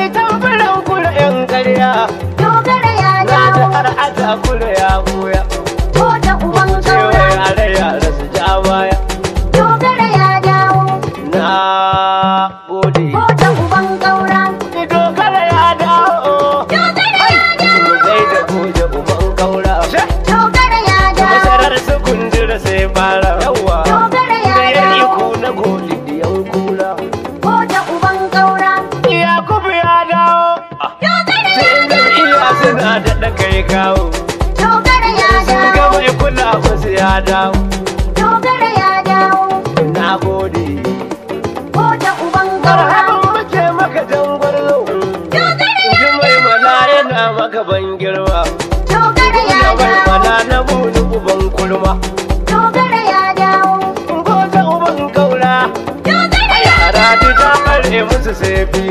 ni kula kur'in karya dogara ya na da har aja kula ya buya ko da uban kaura yare yare su ja baya dogara ya dawo na gode ko da uban kaura ni dogara ya dawo dogara ya dawo sai da gode uban kaura dogara ya dawo sarar su kunjira sai fara yawa dogara ya dawo da ku na gode ya daɗa kai kawo dogara ya dawo ga mai kula wasu ya dawo dogara ya dawo na gode ko da uban garha muke maka jangwarlo dogara ya dawo mai mana yana maka ban girma dogara ya dawo mana na bulu uban kulma dogara ya dawo ko da uban kaura dogara ya dawo yara ta ɓarne musu sai